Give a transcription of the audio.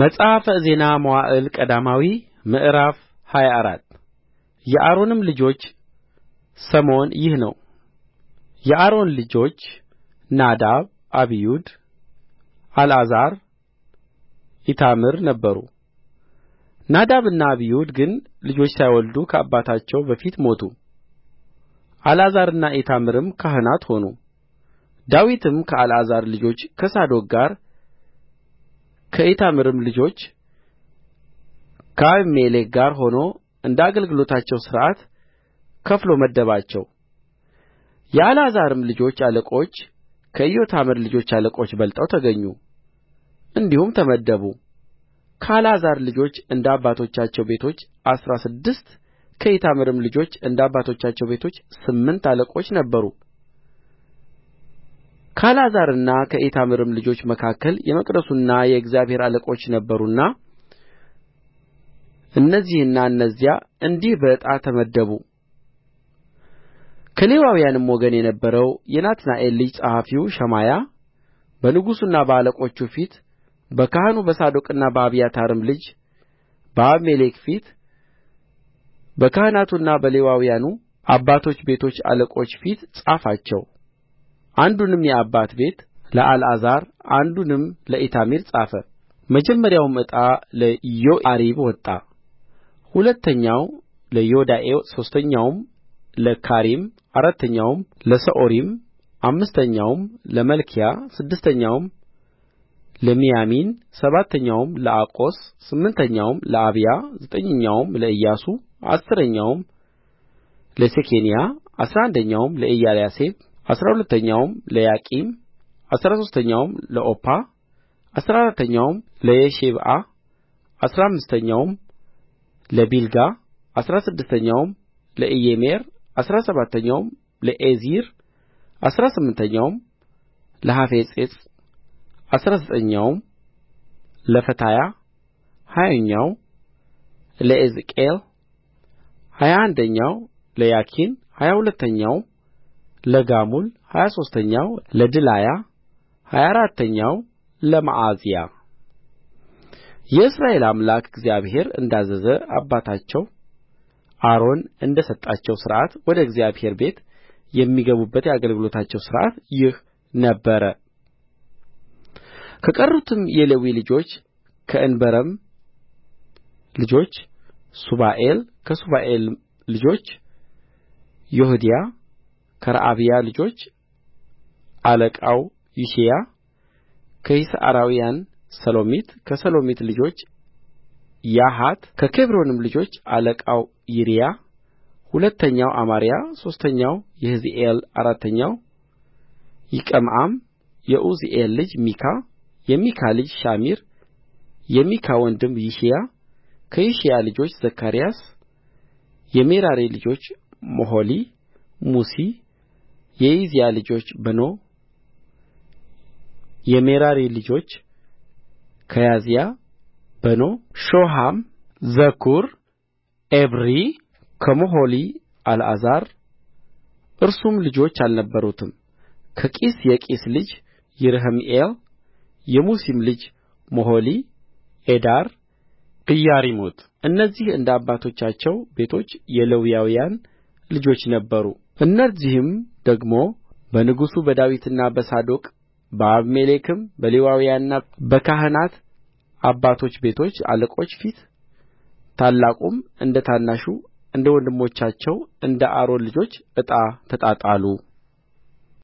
መጽሐፈ ዜና መዋዕል ቀዳማዊ ምዕራፍ ሃያ አራት የአሮንም ልጆች ሰሞን ይህ ነው የአሮን ልጆች ናዳብ አብዩድ አልዓዛር ኢታምር ነበሩ ናዳብና አብዩድ ግን ልጆች ሳይወልዱ ከአባታቸው በፊት ሞቱ አልዓዛርና ኢታምርም ካህናት ሆኑ ዳዊትም ከአልዓዛር ልጆች ከሳዶቅ ጋር ከኢታምርም ልጆች ከአቢሜሌክ ጋር ሆኖ እንደ አገልግሎታቸው ሥርዓት ከፍሎ መደባቸው። የአልዓዛርም ልጆች አለቆች ከኢታምር ልጆች አለቆች በልጠው ተገኙ፣ እንዲሁም ተመደቡ። ከአልዓዛር ልጆች እንደ አባቶቻቸው ቤቶች አሥራ ስድስት ከኢታምርም ልጆች እንደ አባቶቻቸው ቤቶች ስምንት አለቆች ነበሩ። ከአልዓዛርና ከኢታምርም ልጆች መካከል የመቅደሱና የእግዚአብሔር አለቆች ነበሩና እነዚህና እነዚያ እንዲህ በዕጣ ተመደቡ ከሌዋውያንም ወገን የነበረው የናትናኤል ልጅ ጸሐፊው ሸማያ በንጉሡና በአለቆቹ ፊት በካህኑ በሳዶቅና በአብያታርም ልጅ በአቢሜሌክ ፊት በካህናቱና በሌዋውያኑ አባቶች ቤቶች አለቆች ፊት ጻፋቸው አንዱንም የአባት ቤት ለአልዓዛር አንዱንም ለኢታምር ጻፈ መጀመሪያውም ዕጣ ለዮአሪብ ወጣ ሁለተኛው ለዮዳኤ ሦስተኛው ለካሪም አራተኛው ለሰኦሪም፣ አምስተኛው ለመልክያ ስድስተኛው ለሚያሚን ሰባተኛው ለአቆስ ስምንተኛው ለአብያ ዘጠኝኛው ለኢያሱ አሥረኛው ለሴኬንያ አሥራ አንደኛው ለኤልያሴብ አሥራ ሁለተኛው ለያቂም አሥራ ሦስተኛው ለኦፓ አሥራ አራተኛው ለየሼብአብ አሥራ አምስተኛው ለቢልጋ አሥራ ስድስተኛው ለኢሜር አሥራ ሰባተኛው ለኤዚር አሥራ ስምንተኛው ለሃፊጼጽ አሥራ ዘጠኝኛው ለፈታያ ሀያኛው ለኤዜቄል ሀያ አንደኛው ለያኪን ሀያ ሁለተኛው ለጋሙል ሀያ ሦስተኛው ለድላያ ሀያ አራተኛው ለመዓዝያ የእስራኤል አምላክ እግዚአብሔር እንዳዘዘ አባታቸው አሮን እንደ ሰጣቸው ሥርዓት ወደ እግዚአብሔር ቤት የሚገቡበት የአገልግሎታቸው ሥርዓት ይህ ነበረ። ከቀሩትም የሌዊ ልጆች ከእንበረም ልጆች ሱባኤል፣ ከሱባኤል ልጆች ይሁዲያ ከረዓብያ ልጆች አለቃው ይሺያ ከይስዓራውያን ሰሎሚት ከሰሎሚት ልጆች ያሐት ከኬብሮንም ልጆች አለቃው ይሪያ ሁለተኛው አማርያ ሦስተኛው የሕዚኤል አራተኛው ይቀምዓም የዑዝኤል ልጅ ሚካ የሚካ ልጅ ሻሚር የሚካ ወንድም ይሺያ ከይሺያ ልጆች ዘካርያስ የሜራሪ ልጆች ሞሖሊ ሙሲ የያዝያ ልጆች በኖ የሜራሪ ልጆች ከያዝያ በኖ ሾሃም ዘኩር ኤብሪ ከሞሖሊ አልዓዛር እርሱም ልጆች አልነበሩትም ከቂስ የቂስ ልጅ ይረሕምኤል የሙሲም ልጅ ሞሖሊ ዔዳር ኢያሪሙት እነዚህ እንደ አባቶቻቸው ቤቶች የሌዋውያን ልጆች ነበሩ እነዚህም ደግሞ በንጉሡ በዳዊትና በሳዶቅ በአቢሜሌክም በሌዋውያንና በካህናት አባቶች ቤቶች አለቆች ፊት ታላቁም እንደ ታናሹ እንደ ወንድሞቻቸው እንደ አሮን ልጆች ዕጣ ተጣጣሉ